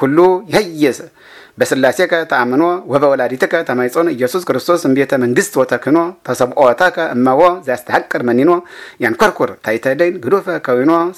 ኩሉ ይህይስ በስላሴከ ተአምኖ ወበወላዲትከ ተማይጾን ኢየሱስ ክርስቶስ እምቤተ መንግስት ወተክኖ ተሰብኦተከ እመዎ ዘያስተሐቅር መኒኖ ያንኮርኩር ታይተደይን ግዶፈ ከዊኖ